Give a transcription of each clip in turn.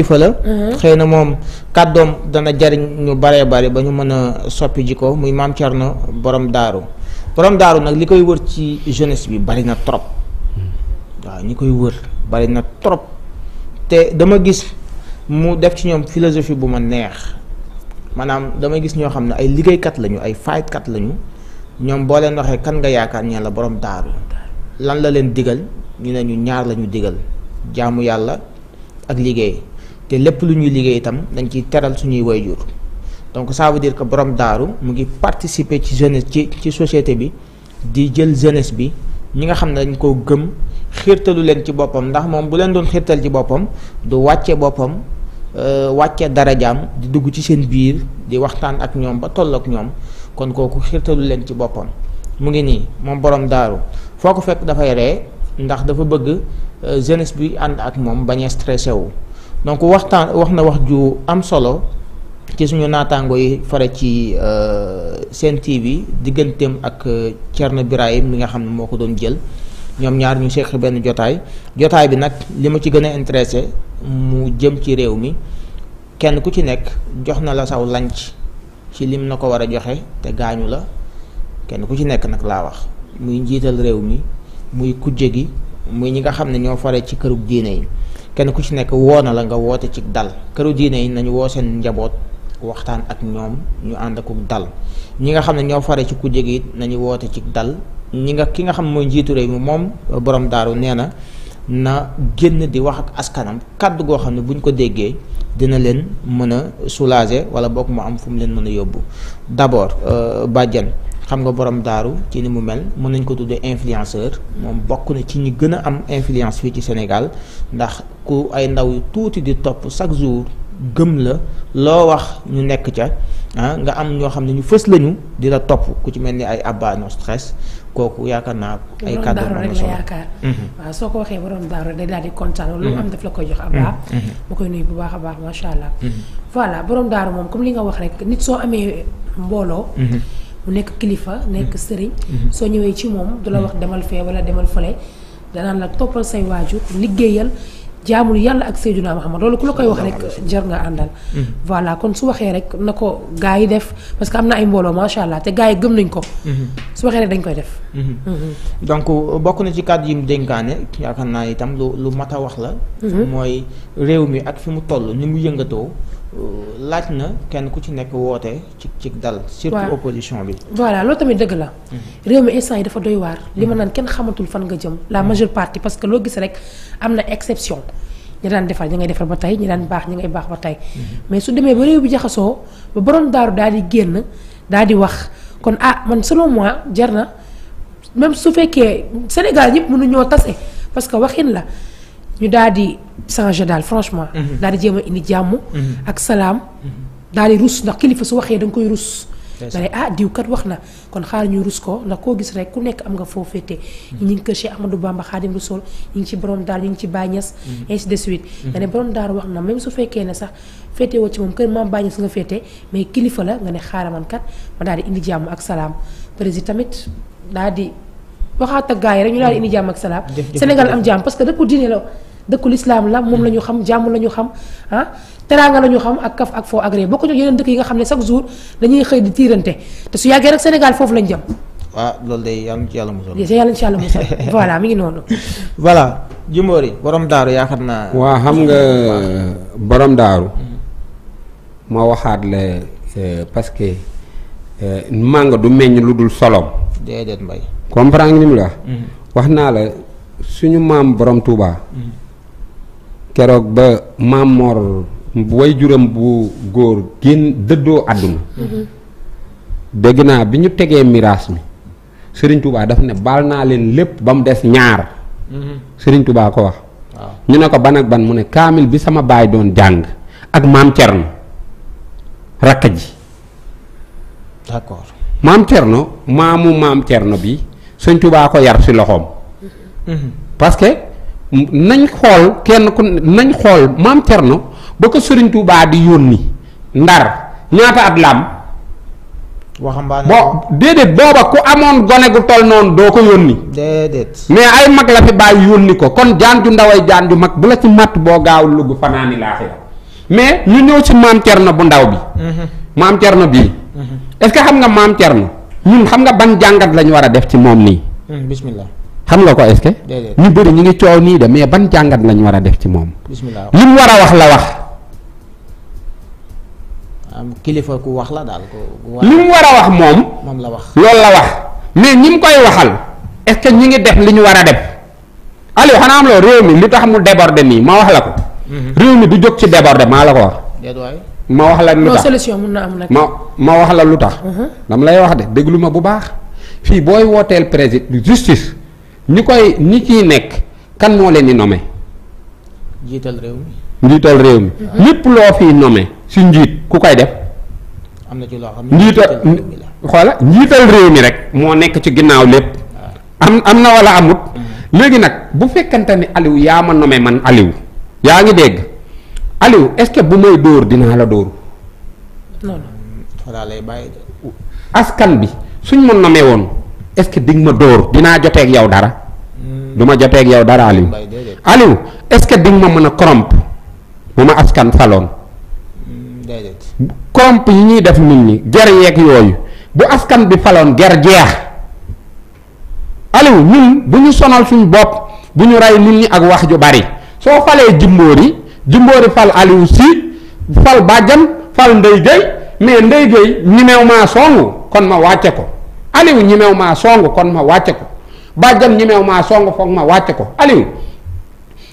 kilifa la. Mhm. xëy na moom kàddoom dana jariñ ñu baree bari ba ñu mën a soppi ji ko muy maam Thierno borom daaru borom daaru nag li koy wër ci jeunesse bi bari na trop mhm. waaw ñi koy wër bari na trop te dama gis mu def ci ñoom philosophie bu ma neex maanaam damay gis ñoo xam ne ay liggéeykat lañu ay faykat lañu ñoom boo leen waxee kan nga yaakaar ñeen la borom daaru lan la leen digal ñu ne ñu ñaar lañu digal jaamu yàlla ak liggéey te lépp lu ñuy liggéey itam dañ ciy teral suñuy wayjur donc ça veut dire que borom daaru mu ngi participer ci jeunesse ci ci société bi di jël jeunesse bi ñi nga xam ne dañ koo gëm xiirtalu leen ci boppam ndax moom bu leen doon xiirtal ci boppam du wàcce boppam euh, wàcce darajaam di dugg ci seen biir di waxtaan ak ñoom ba toll ak ñoom kon kooku xiirtalu leen ci boppam mu ngi nii moom borom daaru foo ko fekk dafay ree ndax dafa bëgg euh, jeunesse bi ànd ak moom bañ a wu. donc waxtaan wax na wax ju am solo ci suñu naataango yi fare ci euh, Sen TV digganteem ak euh, Thierno Birahim mi nga xam ne moo ko doon jël ñoom ñaar ñu seq benn jotaay jotaay bi nag li ma ci gën a intéressé mu jëm ci réew mi kenn ku ci nekk jox na la saw lanc ci lim na ko war a joxe te gaañu la kenn ku ci nekk nag laa wax muy njiital réew mi muy kujje gi muy ñi nga xam ne ñoo fare ci këru diine yi kenn ku ci nekk woo na la nga woote cig dal këru diine yi nañu woo seen njaboot waxtaan ak ñoom ñu ànd ak dal ñi nga xam ne ñoo fare ci ku gi nañu woote cig dal ñi nga ki nga xam mooy njiitu rey mi moom borom daaru nee na na génn di wax ak askanam kàddu goo xam ne buñ ko déggee dina leen mën a soulager wala bokk mu am fu mu leen mën a yóbbu d'abord euh, bàjjan xam nga borom daaru ci ni mu mel mën nañ ko tuddee influenceur moom bokk na ci ñi gën a am influence fii ci Sénégal ndax ku ay ndaw yu tuuti di topp chaque jour gëm la loo wax ñu nekk ca ah nga am ñoo xam ne ñu fës lañu di la topp ku ci mel ni ay abba no stress kooku yaakaar naa ay kàddu moom la solo mhm. waaw soo ko waxee borom daaru day daal di kontaan lu am daf la koy jox abba mu mhm. mhm. koy nuyu bu baax a baax macha allah. voilà borom daaru moom comme li nga wax rek nit soo amee mbooloo mu nekk kilifa nekk mm-hmm. sëriñ. Mm-hmm. soo ñëwee ci moom du la mm-hmm. wax demal fee wala demal fële danaan la toppal say waajur liggéeyal jaamul yàlla ak Seydina Muhammad ma ku la koy wax rek jar nga àndal. voilà kon su waxee rek na ko gaa yi def parce que am na ay mbooloo macha allah te gaa yi gëm nañ ko. su waxee rek dañ koy def. donc bokk na ci kàddu yi mu dénkaane yaakaar naa itam lu lu mat a wax la. mooy réew mi ak fi mu toll ni mu yëngatoo. laaj na kenn ku ci nekk woote ci ci dal. surtout opposition bi. voilà loo tamit dëgg la. Mhm. réew mi instant yi dafa doy waar. li ma mhm. naan kenn xamatul fan nga jëm. la mhm. majeure partie parce que loo gis rek am na exception. ñi daan defar ñi ngay defar ba tey ñi daan baax ñi ngay baax ba tey. mais su demee ba réew bi jaxasoo ba borom daaru daal di génn daal di wax kon ah man selon moi jar na même su fekkee Sénégal ñëpp mënuñoo tase parce que waxin la. ñu daal di changer daal franchement. Mhm. daal di jéem indi jàmm. Mhm. ak salaam. Mhm. daal di rus ndax kilifa su waxee da koy rus. nga ne ah diw kat wax na kon xaar ñu rus ko ndax koo gis rek ku nekk am nga foo féete. ñu ngi kër Cheikh Amadou Bamba Xaadim Rasul ngi ci borom daar ñu ngi ci Bañes. ainsi de suite. nga ne borom daar wax na même su fekkee ne sax féete woo ci moom kër maam su nga féete mais kilifa la nga ne xaaral man kat ma daal di indi jàmm ak salaam président tamit daal di waxaat ak yi rek ñu daal di indi jàmm ak salaam. Sénégal am jàmm parce que dëkku diine dëkku lislaam la moom la ñu xam jàmm la ñu xam ah teraanga la xam ak kaf ak foo agré boo ko jox yeneen dëkk yi nga xam ne chaque jour dañuy xëy di tiirante te su yàggee rek Sénégal foofu lañ jëm. waaw ah, loolu day yàlla ci yàlla musal. yàlla ci yàlla musal voilà mi ngi noonu. voilà Jimbori borom daaru xam naa. waa xam nga borom daaru. ma waxaat la euh, parce que euh, màngo du meññ lu dul solom. déedéet mbay. comprendre mu la mm-hmm. wax naa la suñu maam borom Touba. Mm-hmm. keroog ba Mamor way juram bu góor génn dëddoo àdduna mm-hmm. dégg naa bi ñu tegee miraas mi sëriñ Touba daf ne baal naa leen lépp ba mu des ñaar mm-hmm. Serigne Touba ko wax ñu ne ko ban ak ban mu ne kaamil bi sama baay doon jàng ak maam Thierno rakk ji maam Thierno maamu maam Thierno bi Serigne Touba ko yar ci loxoom mm-hmm. parce nañ xool kenn ku nañ xool maam Thierno ba ko Serigne Touba di yónni ndar ñaata at la am. waxambaane boo déedéet booba ku amoon gone gu toll noonu doo ko yónni. déedéet mais ay mag la fi bàyyi yónni ko kon jaan ju ndaway jaan ju mag bu la ci matt boo gaawul lugg fanaani laaxira mais ñu ñëw ci maam Thierno bu ndaw bi. Mhm. maam Thierno bii. Mhm. est-ce que xam nga maam Thierno ñun xam nga ban jàngat lañu war a def ci moom nii. Mhm, bismillah. xam nga ko est-ce ñu bëri ñu ngi coow nii de mais ban jàngat lañ war a def ci moom li mu war a wax la wax kilifa ku wax la daal li mu war a wax moom moom la wax loolu la wax mais ñi mu koy waxal est-ce ngi def li ñu war a def Aliou xanaa am loo réew mi li tax mu déborde nii ma wax la ko mhm. réew mi du jóg ci déborde maa la ko wax ma wax la lu tax solution mën ma ma wax la lu tax mhm. dama lay wax de déglu ma bu baax fii booy wooteel président justice ñi koy ñi ci nekk kan moo leen di nome njiital réew mi. njiital réew mi mm-hmm. lépp loo fiy nommé si njiit ku koy def. am na ci loo xam ne njiital xoola njiital réew mi rek moo nekk ci ginnaaw lépp. Ah. am am na wala amut. Mm-hmm. léegi nag bu fekkante ni Aliou yaa ma nommé man aliw yaa ngi dégg Aliou est-ce que bu may dóor dinaa la dóor. non non. bi suñ ma nommé est-ce que di nga ma dóor dinaa joteeg yow dara hmm. du ma joteeg yow dara Aliou Aliou est-ce que di nga ma mën a corrompre bu ma askan faloon hmm, corrompre yi ñuy def nit ñi ger yeeg yooyu bu askan bi faloon ger jeex Aliou ñun bu ñu sonal suñu bopp bu ñu rey nit ñi ak wax ju bari soo falee jimboori jimboori fal Aliou Sy fal bàjjan fal Ndeye Gueye mais Ndeye Gueye ñimeew maa songu kon ma wàcce ko Aliou ñimew maa song kon ma wàcce ko bàjjan ñimew maa song foog ma wàcce ko Aliou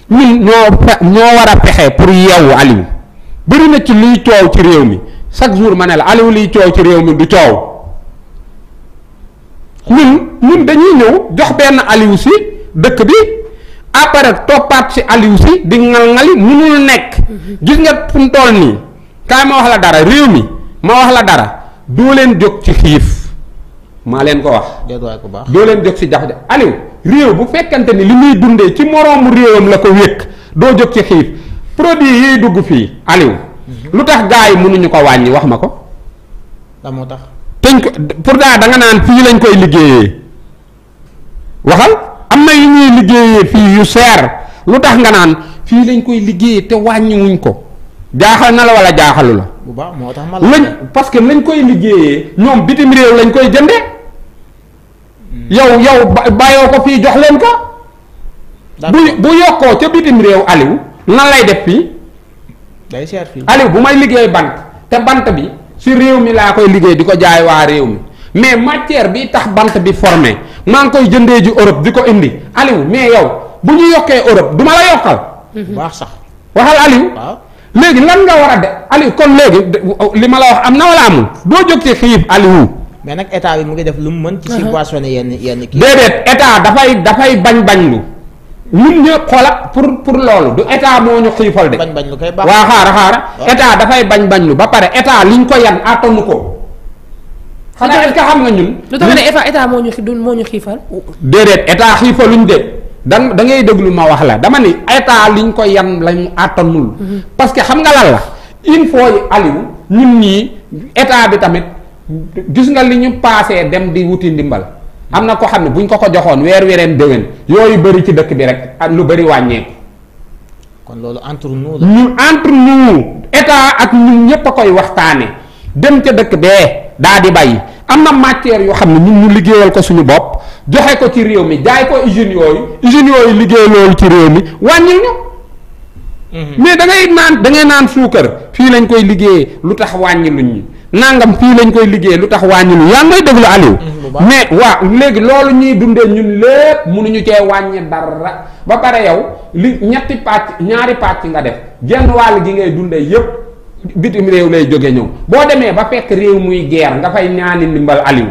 ñun ñoo ñoo war a fexe pour yeewu Aliou bëri na ci luy coow ci réew mi chaque jour ma ne la Aliou liy coow ci réew mi du coow ñun ñun dañuy ñëw jox benn Aliou si dëkk bi après toppaat si Aliou si di ngal-ngali munul nekk gis nga fu toll nii kaay ma wax la dara réew mi ma wax la dara doo leen jóg ci xiif maa leen ko wax. doo leen jóg si jafe-jafe Aliou réew bu fekkante ni li muy dundee ci moroomu réewam la ko wékk doo jóg ci xiif produit yiy dugg fii Aliou. Mhm. lu tax gars yi mënuñu ko wàññi wax ma ko. lan moo tax. dañ ko pour daa da nga naan fii lañ koy liggéeyee waxal am na yu ñuy liggéeyee fii yu seer lu tax nga naan fii lañ koy liggéeyee te wàññiwuñ ko jaaxal na la wala jaaxalu la. bu baax moo tax ma lañ parce que lañ koy liggéeyee ñoom bitim réew lañ koy jëndee. yow yow bàyyoo ko fii jox leen ko. bu bu yokkoo ca bitim réew Aliou nan lay def fii. day seer fii Aliou bu may liggéey bant te bant bi si réew mi laa koy liggéey di ko jaay waa réew mi mais matière bi tax bant bi formé maa ngi koy jëndee ji Europe di ko indi Aliou mais yow bu ñu yokkee Europe du ma la yokkal. Mm-hmm. baax sax waxal aliw léegi lan nga war a def Aliou kon léegi li ma la wax am na wala amul doo jóg ci xiif Aliou. mais nag état bi mu ngi def lu mu mën. ci uh-huh. subventionné yenn yenn kii. déedéet état dafay dafay bañ bañ ñun ñu xoolat pour pour loolu du état moo ñu xiifal de. bañ bañ lu kay baax waa xaara xaara. état dafay bañ bañ ba pare état liñ ko yan àttanu ko. xam nga est-ce que xam moo ñu xi moo ñu xiifal. déedéet état xiifaluñ de. dan da ngay déglu ma wax la dama ni état liñ ko yan lañ àttanul. Mm-hmm. parce que xam nga lan la il faut Aliou ñun ñii état bi tamit. gis nga li ñu paasee dem di wuti ndimbal am na ko xam ne buñ ko ko joxoon weer wereen déwén yooyu bëri ci dëkk bi rek ak lu bëri wàññeeku. kon loolu entre nous la. ñu entre nous état ak ñun ñëpp a koy waxtaane dem ca dëkk bee daa di bàyyi am na matière yoo xam ne ñun ñu liggéeyal ko suñu bopp joxe ko ci réew mi jaay ko usines yooyu usines yooyu liggéey loolu ci réew mi wàññil ñu. Mhm. mais dangay naan dangay ngay naan suukar fii lañ koy liggéeyee lu tax wàññi luñ nangam fii lañ koy liggéey lu tax wàññi lu yaa ngay déglu Aliou. Mm, mais waaw léegi loolu ñuy dunde ñun lépp mënuñu cee wàññi dara ba pare yow li ñetti pàcc ñaari pàcc nga def genn wàll gi ngay dundee yépp bitim réew lay jóge ñëw boo demee ba fekk réew muy guerre nga fay ñaani ndimbal Aliou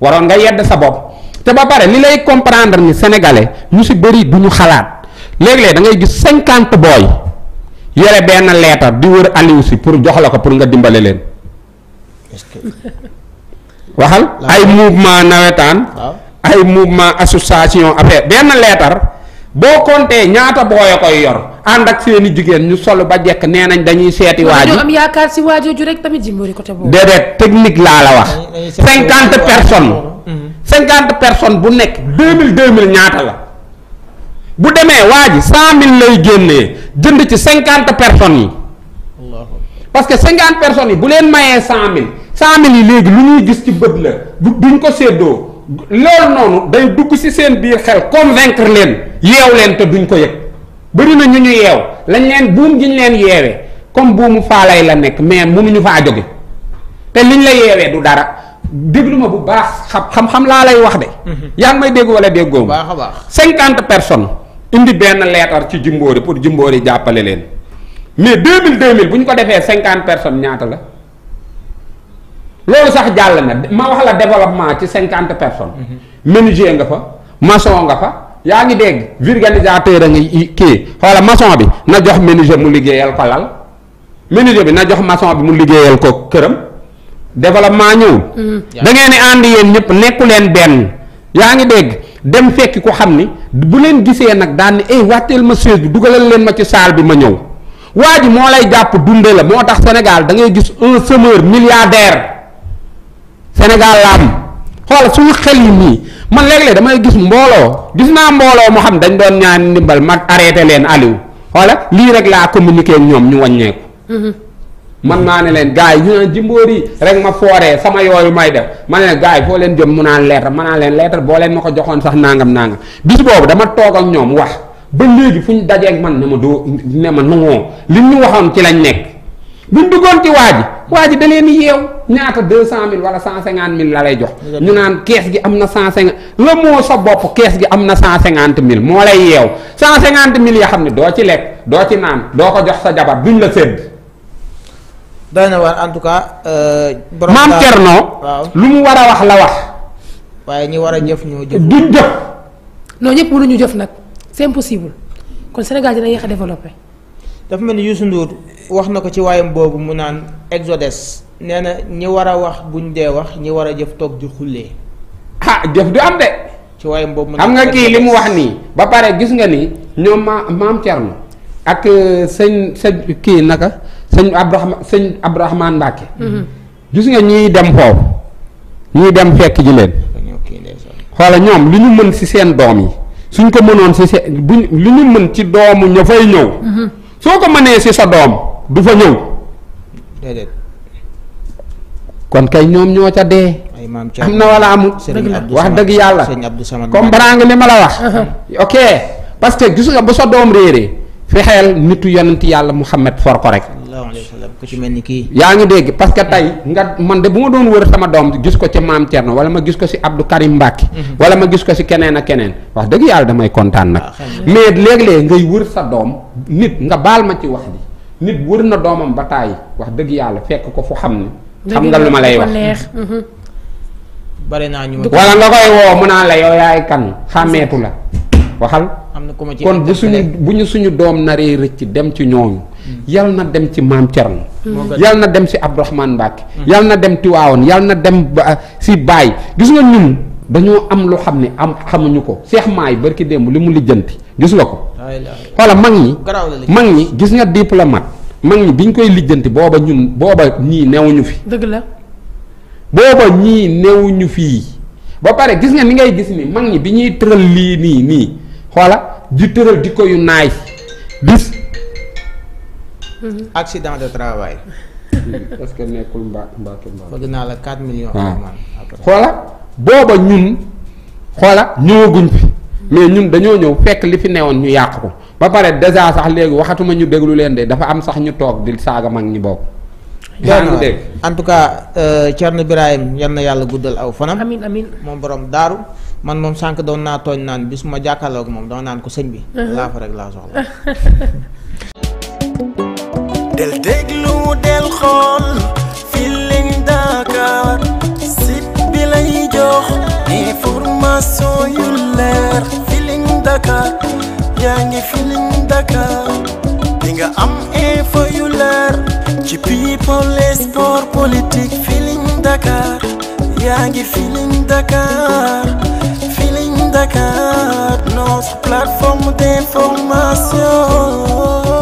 waroon nga yedd sa bopp te ba pare li lay comprendre ni sénégalais ñu si bëri du ñu xalaat léeg-léeg da ngay gis cinquante booy yore benn leetar di wër Aliou si pour jox la ko pour nga dimbale leen. waxal ay mouvement nawetaan ay mouvement association affaire benn leetar boo compté ñaata booy koy yor ànd ak seeni jigéen ñu sol ba jekk nee nañ dañuy seeti waaj am yaakaar si waajooju rek tamit jimbori côté boobu déedéet technique laa la wax cinquante personnes mm-hmm. cinquante personnes bu nekk deux mille deux mille ñaata la bu demee waa ji cent mille lay génnee jënd ci cinquante personnes yi parce que cinquante personnes yi bu leen mayee cent mille cent mille yi léegi lu ñuy gis ci bët la duñ ko seddoo loolu noonu day dugg si seen biir xel convaincre leen yeew leen te duñ ko yëg bëri na ñu ñu yeew lañ leen buum gi ñu leen yeewee comme buumu faalay la nekk mais nu ñu faa jóge te liñ la yeewee du dara déglu ma bu baax xam-xam laa lay wax de. Mhm. yaa ngi may dégg wala déggoo ma. baax a baax cinquante personnes indi benn leetar ci Jimbori pour Jimbori jàppale leen mais deux mille deux mille bu ñu ko defee cinquante personnes ñaata la. loolu sax jàll na ma wax la développement ci cinquante personne mhm. menuisier nga fa maçon nga fa yaa ngi dégg vulgarisateur a ngi kii xoola maçon bi na jox menuisier mu liggéeyal ko lal menuisier bi na jox mason bi mu liggéeyal ko këram développement ñëw. Mhm. da ngeen di ànd yeen ñëpp nekku leen benn yaa ngi dégg dem fekki ko xam ni bu leen gisee nag daani ni ay eh, wàtteel ma chaise bi dugalal leen ma ci saal bi ma ñëw waa ji moo lay jàpp dundee la moo tax Sénégal da ngay gis un semeur milliardaire. Sénégal la am xool suñu xel yi nii man léeg-léeg damay gis mbooloo gis naa mbooloo moo xam dañ doon ñaan ndimbal mag arrêté leen Aliou xoola lii rek laa communiqué ak ñoom ñu wàññeeku. Mhm. man naa ne leen gars yi ñu naan yi rek ma fooree sama yooyu may def ma ne gars yi foo leen jëm mu naan lettre ma naan leen lettre boo leen ma ko joxoon sax nangam nangam bis boobu dama toog ak ñoom wax ba léegi fu ñu dajeeg man ne ma doo ne ma nangoo li ñu waxoon ci lañ nekk ci waa ji waa ñaata deux cent mille wala cent cinquante mille la lay jox. ñu naan kees gi am na cent cinquante la moo sa bopp kees gi am na cent cinquante mille moo lay yeew cent cinquante mille yoo xam ne doo ci lekk doo ci naan doo ko jox sa jabar duñ la sédd. doy na waar en tout cas. Euh, borom maam Thierno. waaw lu mu war a wax la wax. waaye ñi war a jëf ñoo jëf. duñ jëf. non ñëpp mënuñu jëf nag c'est impossible kon Sénégal dina yéex a développé. dafa mel ni Youssou wax na ko ci waayam boobu mu naan exodes nee na ñi war a wax buñ dee wax ñi war a jëf toog di xullee. ah jëf du am de. ci waayam boobu mën xam nga kii li mu wax nii ba pare gis nga ni ñoom ma maam Thierno ak euh, sëñ sëñ kii naka sëñ Abdourahman sëñ Abdourahman Mbacke. Mhm. gis nga ñuy dem foofu ñuy dem fekk ji leen. xoola ñoom lu ñu mën si seen doom yi suñ ko mënoon ci seen buñ lu ñu mën ci doomu ña fay ñëw. Mhm. soo ko mënee si sa doom du fa ñëw. kon kay ñoom ñoo ca dee. am na wala amul. wax dëgg yàlla comprendre nga li ma la wax. Uh-huh. ok parce que gis nga bu sa doom réeree fexeel nitu yonent yàlla Muhammad for ko rek. ku ci mel ni kii. yaa ngi dégg parce que tey nga man de bu ma doon wër sama doom gis ko ci maam na wala ma gis ko si Abdou Karim Mbacke. Uh-huh. wala ma gis ko si keneen ak keneen wax dëgg yàlla damay kontaan nag. Ah, mais léeg-léeg ngay wër sa doom nit nga baal ma ci wax bi nit wër na doomam ba tàyyi wax dëgg yàlla fekk ko fu xam ne. xam nga lu ma lay wax mhm. bare naa ñu wala nga koy woo mu naan la yow yaay kan xàmmeetu la waxal. am na ku ma ci kon bu suñu bu ñu suñu doom naree rëcc dem ci ñooñu. Mm. yal na dem ci maam Thierno. Mm. yal na dem si Abdourahmane Mbacke. Mm. yal na dem Tiwaawoon yal na dem ba si ah, baay gis nga ñun dañoo am lu xam ni am xamuñu ko Cheikh Maay barki démb li mu lijjanti gis la ko. xoola mag ñi mag ñi gis nga diplomate mag ñi bi ñu koy lijjanti booba ñun booba ñii newuñu fi. dëgg la. booba ñii newuñu fii ba pare gis nga ni ngay gis ni mag ñi bi ñuy tëral lii nii nii xoola di tëral di ko yu naay gis. Mm-hmm. accident de travail. parce que nekkul mbaa mbaake mbaa. bëgg naa la 4 millions. Ah. Ah, xoola booba ñun xoola ñëwaguñ fi mais ñun dañoo ñëw fekk li fi newoon ñu yàq ko. ba pare dèjà sax léegi waxatuma ñu déglu leen de dafa am sax ñu toog di saaga mag ñi bokk. yaa dégg en tout cas euh, Thierno Birahim yan na yàlla guddal aw fanam. amiin amiin moom borom daaru man moom sànq doon naa tooñ naan bis ma jàkkaarloog moom dama naan ko sëñ bi. Uh-huh. laa fa rek déglu del xool Feeling Dakar site bi lay jox information yu leer Feeling Dakar. yaa ngi Feeling Dakar di nga am info yu leer ci people ngi Feeling Dakar Feeling Dakar notre plateforme